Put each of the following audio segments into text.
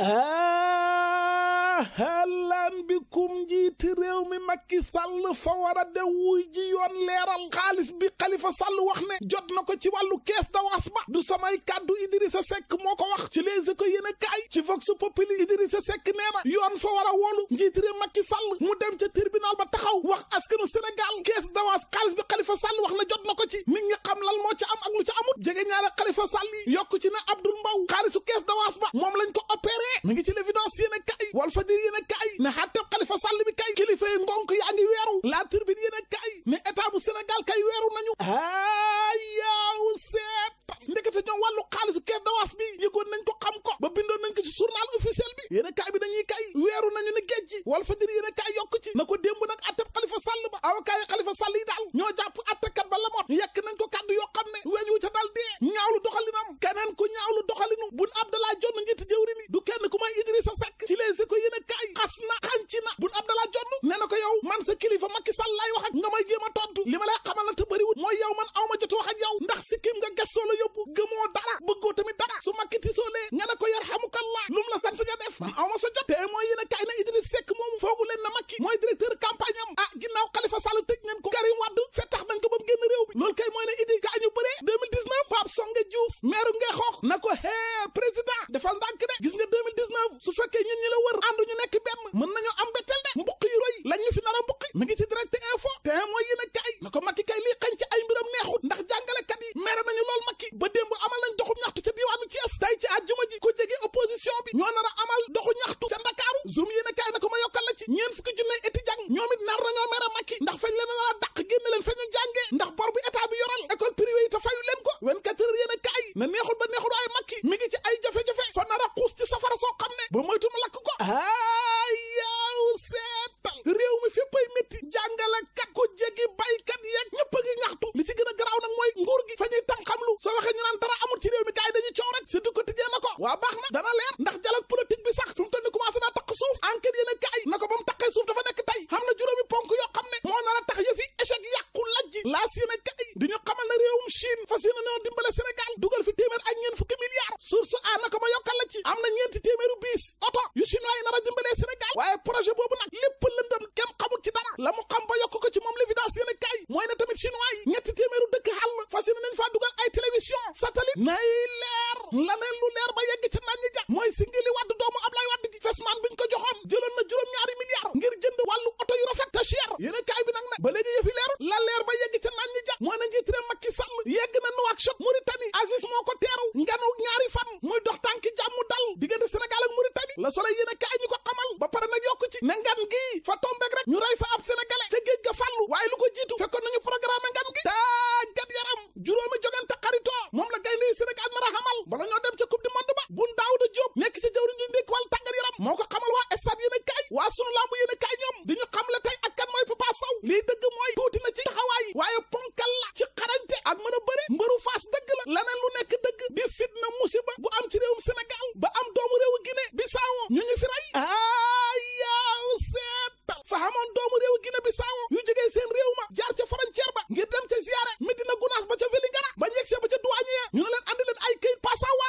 أهلا waxtaan bi kum njiiti réew mi Macky Sall fa war a de wuy ji yoon leeral xaalis bi Khalifa Sall wax ne jot na ko ci wàllu kees dawaas ba du samay kàddu sa Seck moo ko wax ci les éco yéen a kaay ci vox populi Idrissa Seck nee na yoon fa war a woolu njiiti réew Macky mu dem ca tribunal ba taxaw wax askanu Sénégal kees dawaas xaalis bi Khalifa Sall wax na jot na ko ci nit ñi xam lan moo ca am ak lu ca amut jege ñaare Khalifa Sall yi yokk ci ne Abdoul Mbow xaalisu kees dawaas ba a kaay Walf a xatte xalifa sàll bi kay kilifa yi ngonk yaa ngi weeru la turbine yéen a kay ne état bu sénégal kay weeru nañu ayaw seet ndekete ñoo wàllu xaalisu kees dawaas bi yëgoon nañ ko xam ko ba bindoon nañ ko ci journal officiel bi yéen a kaay bi dañuy kay weeru nañu ne géej ji wal fa dir yéen a kaay yokk ci na ko démb nag atteb xalifa sàll ba awakaay xalifa sàll yi daal ñoo jàpp nee ko yow man sa kilifa Macky Sall wax ak nga may jéem a li ma lay xamal na mooy yow man aw jot wax ak yow ndax sikkim nga gëstoo la yóbbu gëmoo dara bëggoo tamit dara su Macky tisoolee nga ne ko yarhamukallah lu mu la sant nga man aw ma jot direct info te mooy yéen a kaay na ko Macky kay lii xañ ci ay mbiram neexut ndax jàngalekat yi mere nañu lool Macky ba démb amal nañ doxu ñaxtu ca diwaanu Thiès tey ci àjjuma ji ko jege opposition bi ñoo nar a amal doxu ñaxtu ca Ndakaaru zoom yéen a kaay na ko ma yokkal la ci ñeen fukki junne étudiant ñoom it nar nañoo mere Macky ndax fañ leen nar a dàq génne leen fa ñu jàngee ndax bor bi état bi yoral école privée yi te fayu leen ko 24 heures yéen a kaay na neexut ba neexut waaye Macky mi ngi ci ay jafe-jafe fa nar a xuus ci safara soo xam ne ba moytu yéen kay di ñu xamal na réewum Chine fas yéene na dimbale Sénégal dugal fi téeméer ak ñeent fukki milliards source a naka ma yokkal la ci am na ñeenti téeméeru biis oto yu chinois yi nar a dimbalee nay leer la lu leer ba yegg ca naan ñi ja si ngi li doomu Ablaye Wàdd ji fesmaan bi ñu ko joxoon jëloon na juróom-ñaari milliards ngir jënd wàllu oto yu rafet te cher yéen kay bi nag ne ba léegi yëfi leer leer ne Nouakchott Mauritanie Aziz moo ko teeru nganu ñaari fan muy dox tànki jàmm dal diggante Sénégal ak Mauritanie la Soleil yéen a kaay ko xamal ba pare nag yokk ci ne ngan gii fa tombek rek ñu rey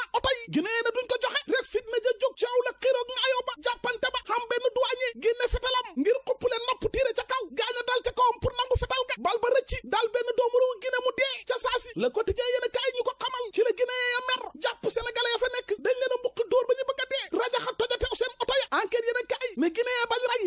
Ah, oto yi guinéen na duñ ko joxe rek fit ja jóg coow la na ayoo ba jàppante ba xam benn duwaañe génne fetalam ngir xupp leen nopp tiire ca kaw gaañ a dal ca kawam pour nangu fetal ga bal ba rëcci daal benn doomu réewu Guinée mu dee ca saasi le quotidien yéen a ñu ko xamal ci la Guinée mer jàpp sénégalais ya fa nekk dañ leen a dóor ba ñu bëgg a dee rajaxa tojate seen oto ya enquête yéen a ne Guinée bañ raj